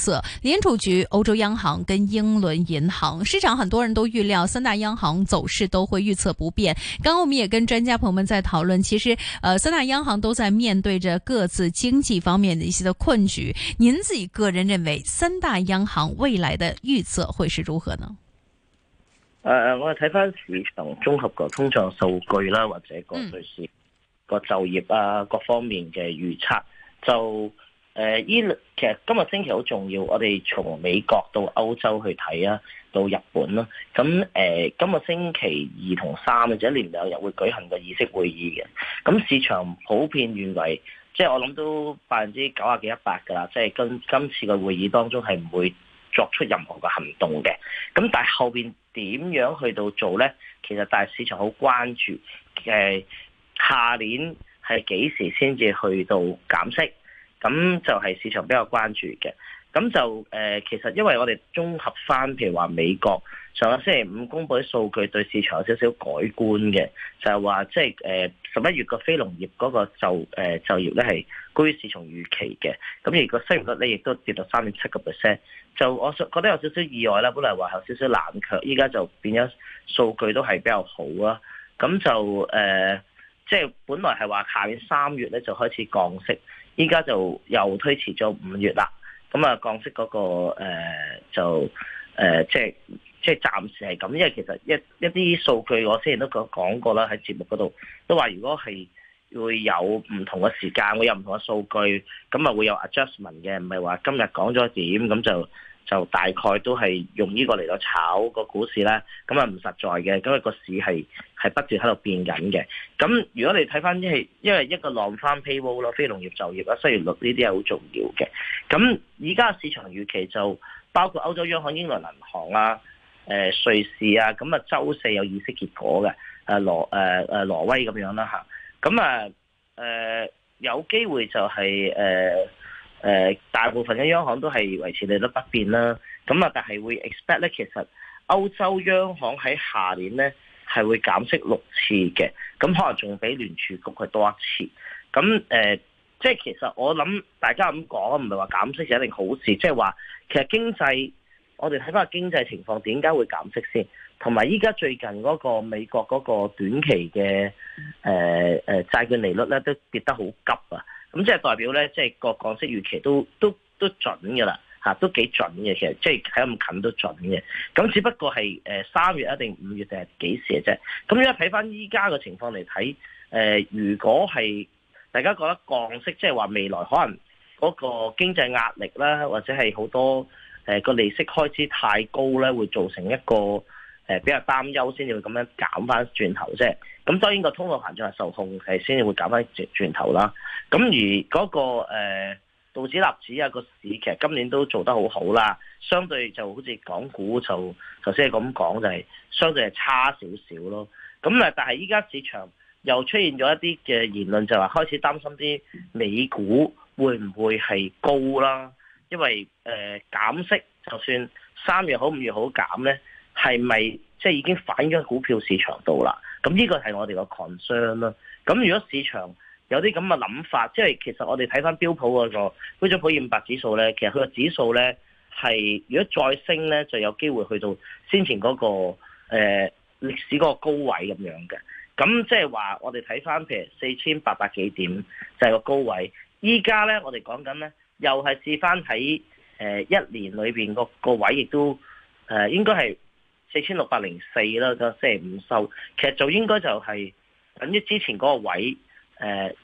測，聯儲局、歐洲央行跟英倫銀行，市場很多人都預料三大央行走勢都會預測不變。剛剛我們也跟專家朋友們在討論，其實呃，三大央行都在面對着各自經濟方面的一些的困局。您自己個人認為三大央行未來的預測會是如何呢？呃，我哋睇翻市場綜合個通脹數據啦，或者個對市個就業啊各方面嘅預測就，誒，其實今日星期好重要，我哋從美國到歐洲去睇啊，到日本啦。咁誒、呃，今日星期二同三或者連兩日會舉行個議息會議嘅。咁市場普遍認為，即係我諗都百分之九啊幾一百噶啦。即係今今次嘅會議當中係唔會作出任何嘅行動嘅。咁但係後邊點樣去到做咧？其實大市場好關注嘅，下年係幾時先至去到減息？咁就係市場比較關注嘅，咁就誒、呃、其實因為我哋綜合翻，譬如話美國上個星期五公布啲數據，對市場有少少改觀嘅，就係話即係誒十一月個非農業嗰個就誒、呃、就業咧係高於市場預期嘅，咁而個失業率咧亦都跌到三點七個 percent，就我覺得有少少意外啦，本來話有少少冷卻，依家就變咗數據都係比較好啊，咁就誒即係本來係話下年三月咧就開始降息。.依家就又推遲咗五月啦，咁啊降息嗰、個、呃、就誒、呃、即係即係暫時係咁，因為其實一一啲數據我之前都講講過啦，喺節目嗰度都話如果係會有唔同嘅時間，會有唔同嘅數據，咁啊會有 adjustment 嘅，唔係話今日講咗點咁就。就大概都係用呢個嚟到炒個股市啦。咁啊唔實在嘅，咁、那、啊個市係係不斷喺度變緊嘅。咁如果你睇翻，即係因為一個浪翻 paywall 咯，非農業就業啦，失業率呢啲係好重要嘅。咁而家市場預期就包括歐洲央行、英倫銀行啊、誒瑞士啊，咁啊周四有議息結果嘅，誒挪誒誒挪威咁樣啦、啊、嚇。咁啊誒有機會就係、是、誒。呃誒、呃，大部分嘅央行都係維持利率不變啦，咁啊，但係會 expect 咧，其實歐洲央行喺下年咧係會減息六次嘅，咁可能仲比聯儲局係多一次。咁誒、呃，即係其實我諗大家咁講，唔係話減息就一定好事，即係話其實經濟，我哋睇返個經濟情況，點解會減息先？同埋依家最近嗰個美國嗰個短期嘅誒誒債券利率咧，都跌得好急啊！咁即係代表咧，即係個降息預期都都都準嘅啦，嚇都幾準嘅，其實即係喺咁近都準嘅。咁只不過係誒三月一定五月定係幾時嘅啫？咁而家睇翻依家嘅情況嚟睇，誒、呃、如果係大家覺得降息，即係話未來可能嗰個經濟壓力啦，或者係好多誒個、呃、利息開支太高咧，會造成一個。誒比較擔憂先至會咁樣減翻轉頭啫。咁當然個通貨膨脹係受控係先至會減翻轉頭啦。咁而嗰、那個、呃、道指納指啊、那個市，市，其實今年都做得好好啦，相對就好似港股就頭先咁講，剛才這樣就係、是、相對係差少少咯。咁啊，但係依家市場又出現咗一啲嘅言論，就話開始擔心啲美股會唔會係高啦？因為誒、呃、減息，就算三月好、五月好減咧。係咪即係已經反映喺股票市場度啦？咁呢個係我哋個 concern 啦。咁如果市場有啲咁嘅諗法，即係其實我哋睇翻標普嗰個標準普爾五百指數咧，其實佢個指數咧係如果再升咧，就有機會去到先前嗰個誒歷史嗰個高位咁樣嘅。咁即係話我哋睇翻譬如四千八百幾點就係個高位。依家咧我哋講緊咧，又係試翻喺誒一年裏面個個位，亦都誒應該係。四千六百零四啦，個星期五收，其實就應該就係、是、等於之前嗰個位，誒、呃、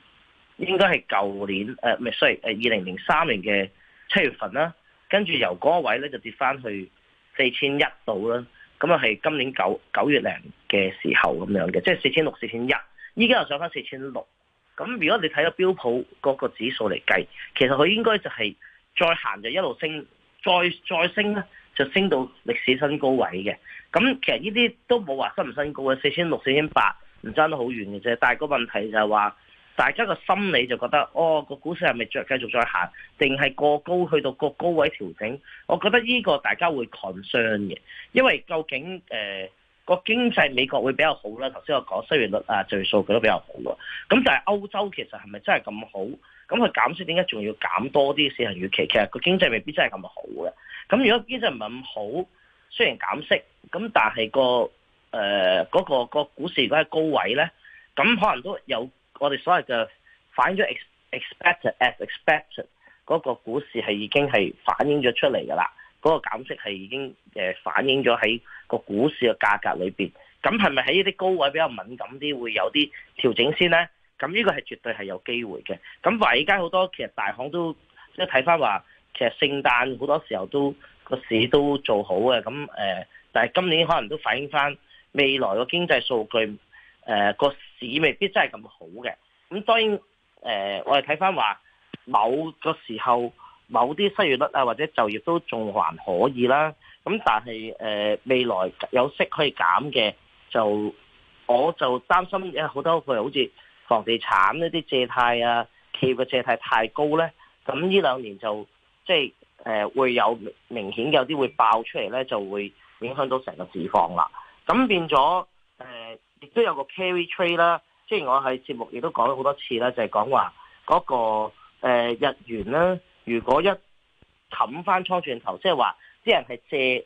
應該係舊年誒，唔係，sorry，誒二零零三年嘅七月份啦，跟住由嗰個位咧就跌翻去四千一度啦，咁啊係今年九九月零嘅時候咁樣嘅，即係四千六四千一，依家又上翻四千六，咁如果你睇到標普嗰個指數嚟計，其實佢應該就係、是、再行就一路升，再再升咧。就升到歷史新高位嘅，咁其實呢啲都冇話新唔新高嘅，四千六、四千八唔爭得好遠嘅啫。但係個問題就係話，大家個心理就覺得，哦個股市係咪再繼續再行，定係過高去到個高位調整？我覺得呢個大家會 concern 嘅，因為究竟誒個、呃、經濟美國會比較好啦，頭先我講失業率啊，就業數據都比較好喎。咁但係歐洲其實係咪真係咁好？咁佢減息點解仲要減多啲？市場預期其實個經濟未必真係咁好嘅。咁如果經濟唔係咁好，雖然減息，咁但係、嗰個誒嗰、呃嗰個嗰個股市如果喺高位咧，咁可能都有我哋所謂嘅反映咗 ex, expected as expected 嗰個股市係已經係反映咗出嚟㗎啦，嗰、嗰個減息係已經誒反映咗喺個股市嘅價格裏邊。咁係咪喺呢啲高位比較敏感啲，會有啲調整先咧？咁呢個係絕對係有機會嘅。咁華爾街好多其實大行都即係睇翻話。其實聖誕好多時候都個市都做好嘅，咁誒，但係今年可能都反映翻未來個經濟數據，誒個市未必真係咁好嘅。咁當然誒，我哋睇翻話某個時候某啲失業率啊或者就業都仲還可以啦。咁但係誒未來有息可以減嘅，就我就擔心有好多譬如好似房地產呢啲借貸啊，企業嘅借貸太高咧，咁呢兩年就。即係誒、呃，會有明，明顯有啲會爆出嚟咧，就會影響到成個市況啦。咁變咗誒，亦、呃、都有個 carry trade 啦。即係我喺節目亦都講咗好多次啦，就係講話嗰個、呃、日元咧，如果一冚翻倉轉頭，即係話啲人係借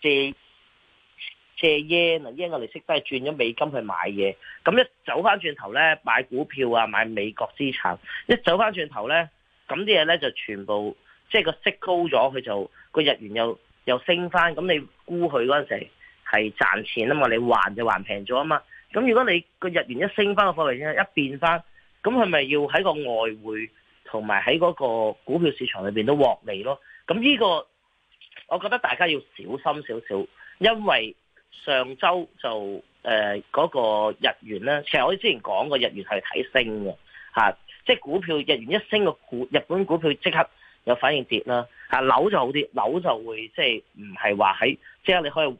借借 yen 啊 yen 嘅利息低，轉咗美金去買嘢，咁一走翻轉頭咧買股票啊買美國資產，一走翻轉頭咧，咁啲嘢咧就全部。即係個息高咗，佢就個日元又又升翻，咁你沽佢嗰陣時係賺錢啊嘛，你還就還平咗啊嘛。咁如果你個日元一升翻個貨幣咧，一變翻，咁佢咪要喺個外匯同埋喺嗰個股票市場裏邊都獲利咯？咁呢個我覺得大家要小心少少，因為上週就誒嗰個日元咧，其實我哋之前講過日元係睇升嘅嚇，即係股票日元一升個股，日本股票即刻。有反應跌啦，但樓就好啲，樓就會即係唔係話喺即係你可以去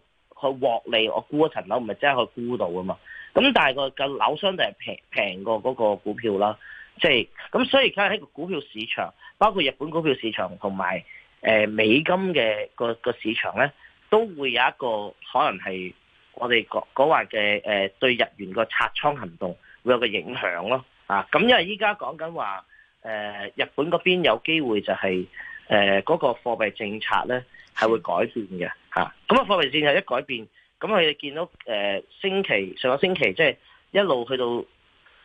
獲利，我沽一層樓唔係即係可以沽到啊嘛。咁但係個個樓相對係平平過嗰個股票啦，即係咁所以而家喺個股票市場，包括日本股票市場同埋誒美金嘅個市場咧，都會有一個可能係我哋講話話嘅誒對日元個拆倉行動會有一個影響咯，啊咁因為依家講緊話。誒日本嗰邊有機會就係誒嗰個貨幣政策咧係會改變嘅嚇，咁啊貨幣政策一改變，咁佢哋見到誒星期上個星期即係一路去到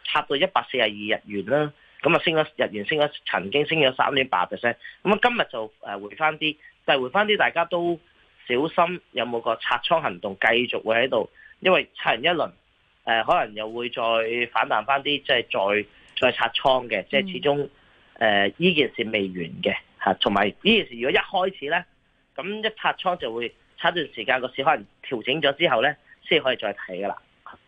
插到一百四十二日元啦，咁啊升咗日元升咗曾經升咗三點八 percent，咁啊今日就誒回翻啲，但係回翻啲大家都小心有冇個拆倉行動繼續會喺度，因為拆完一輪誒可能又會再反彈翻啲，即係再再拆倉嘅，即係始終、嗯。誒、呃，呢件事未完嘅吓，同埋呢件事如果一開始呢，咁一拍倉就會差段時間個市可能調整咗之後呢，先可以再睇㗎喇。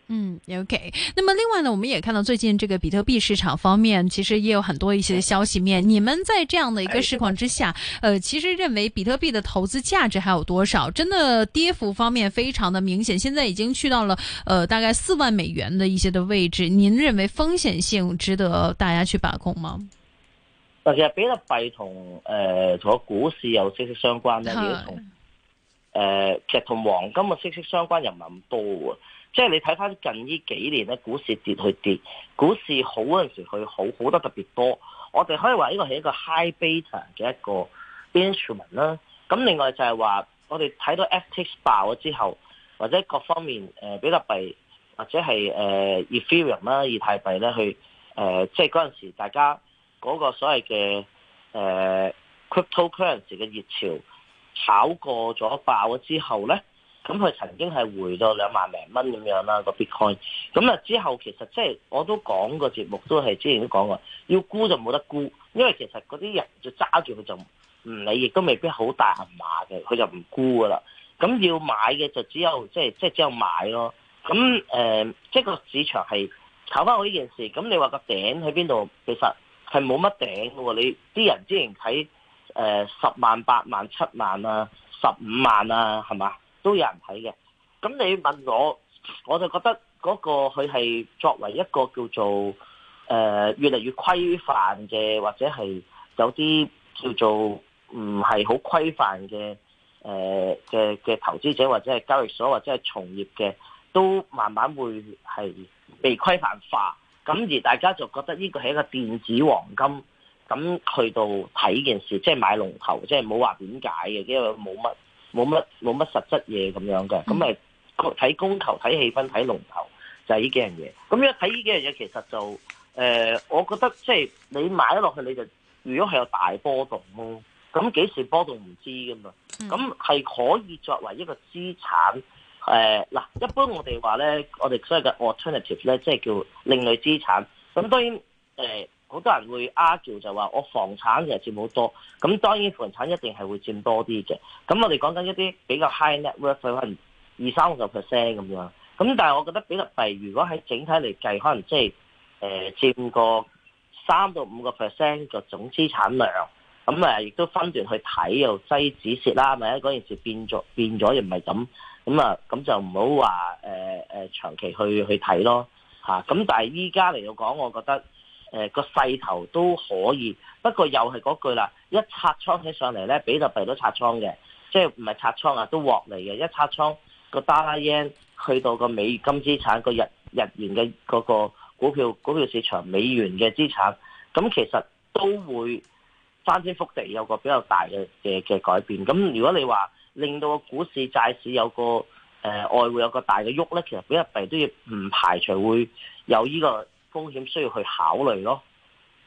嗯，OK。那麼另外呢，我們也看到最近這個比特幣市場方面，其實也有很多一些消息面。你們在這樣的一個市況之下，呃，其實認為比特幣的投資價值還有多少？真的跌幅方面非常的明顯，現在已經去到了呃大概四萬美元的一些的位置。您認為風險性值得大家去把控嗎？但其實比特幣同誒同個股市有息息相關咧，而且同誒其實同、呃、黃金嘅息息相關又不是，又唔係咁多喎。即係你睇翻近呢幾年咧，股市跌去跌，股市好嗰陣時去好，好得特別多。我哋可以話呢個係一個 high beta 嘅一個 instrument 啦。咁另外就係話我哋睇到 FTX 爆咗之後，或者各方面、呃、比特幣或者係、呃、Ethereum 啦、以太幣咧去誒，即係嗰陣時大家。嗰、那個所謂嘅、呃、cryptocurrency 嘅熱潮炒過咗爆咗之後咧，咁佢曾經係回到兩萬零蚊咁樣啦、那個 Bitcoin。咁啊之後其實即、就、係、是、我都講個節目都係之前都講過，要沽就冇得沽，因為其實嗰啲人就揸住佢就，唔理，亦都未必好大行馬嘅，佢就唔沽噶啦。咁要買嘅就只有即係即係只有買咯。咁即係個市場係炒翻好呢件事。咁你話個頂喺邊度？其實。係冇乜頂嘅喎，你啲人之前睇誒十萬、八萬、七萬啊、十五萬啊，係嘛？都有人睇嘅。咁你問我，我就覺得嗰個佢係作為一個叫做誒、呃、越嚟越規範嘅，或者係有啲叫做唔係好規範嘅誒嘅嘅投資者，或者係交易所或者係從業嘅，都慢慢會係被規範化。咁而大家就覺得呢個係一個電子黃金，咁去到睇件事，即係買龍頭，即係冇話點解嘅，因為冇乜冇乜冇乜實質嘢咁樣嘅，咁咪睇供求、睇氣氛、睇龍頭，就係呢幾樣嘢。咁樣睇呢幾樣嘢，其實就誒、呃，我覺得即係你買落去，你就如果係有大波動咯，咁幾時波動唔知噶嘛，咁係可以作為一個資產。誒嗱，一般我哋話咧，我哋所謂嘅 alternative 咧，即係叫另類資產。咁當然誒，好、呃、多人會 argue 就話我房產其實佔好多。咁當然房產一定係會佔多啲嘅。咁我哋講緊一啲比較 high net worth 佢可能二三十 percent 咁樣。咁但係我覺得比特幣如果喺整體嚟計，可能即係誒佔個三到五個 percent 嘅總資產量。咁啊，亦都分段去睇，又低止蝕啦。萬一嗰件事變咗，變咗又唔係咁，咁、呃、啊，咁就唔好話誒誒長期去去睇咯嚇。咁但係依家嚟到講，我覺得誒、呃、個勢頭都可以，不過又係嗰句啦，一拆倉起上嚟咧，比特幣都拆倉嘅，即係唔係拆倉啊，都獲利嘅。一拆倉個 dollar yen 去到個美金資產，個日日元嘅嗰個股票股票市場美元嘅資產，咁其實都會。翻天覆地有個比較大嘅嘅嘅改變，咁如果你話令到個股市債市有個誒、呃、外匯有個大嘅喐咧，其實港幣都要唔排除會有呢個風險需要去考慮咯。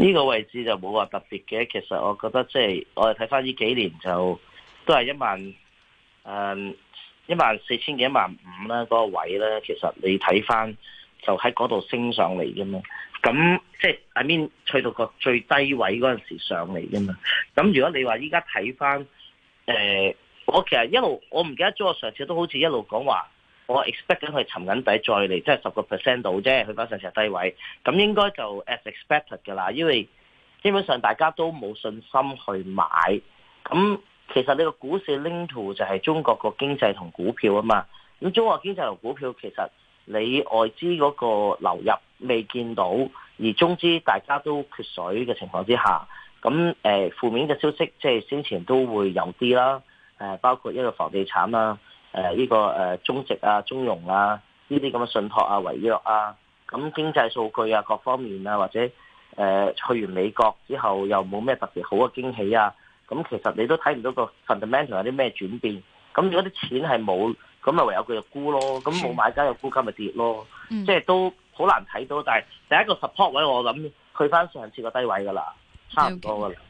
呢、這個位置就冇話特別嘅，其實我覺得即係我哋睇翻呢幾年就都係一萬，誒、嗯、一萬四千幾一萬五啦，嗰個位咧，其實你睇翻就喺嗰度升上嚟嘅嘛。咁即係 I mean 去到個最低位嗰陣時候上嚟嘅嘛。咁如果你話依家睇翻，誒、呃、我其實一路我唔記得咗，我上次都好似一路講話。我 expect 緊佢沉緊底再嚟，即係十個 percent 到啫，佢嗰上石低位，咁應該就 as expected 㗎啦。因為基本上大家都冇信心去買，咁其實你個股市 link to 就係中國個經濟同股票啊嘛。咁中國經濟同股票其實你外資嗰個流入未見到，而中資大家都缺水嘅情況之下，咁誒負面嘅消息即係先前都會有啲啦，誒包括一個房地產啦。誒、呃，呢、這個誒、呃，中植啊，中融啊，呢啲咁嘅信託啊，違約啊，咁經濟數據啊，各方面啊，或者誒、呃、去完美國之後又冇咩特別好嘅驚喜啊，咁其實你都睇唔到個 fundamental 有啲咩轉變，咁如果啲錢係冇，咁咪唯有佢就沽咯，咁冇買家又沽，咁咪跌咯，即、mm、係 -hmm. 都好難睇到。但係第一個 support 位我諗去翻上次個低位噶啦，差唔多噶啦。Okay.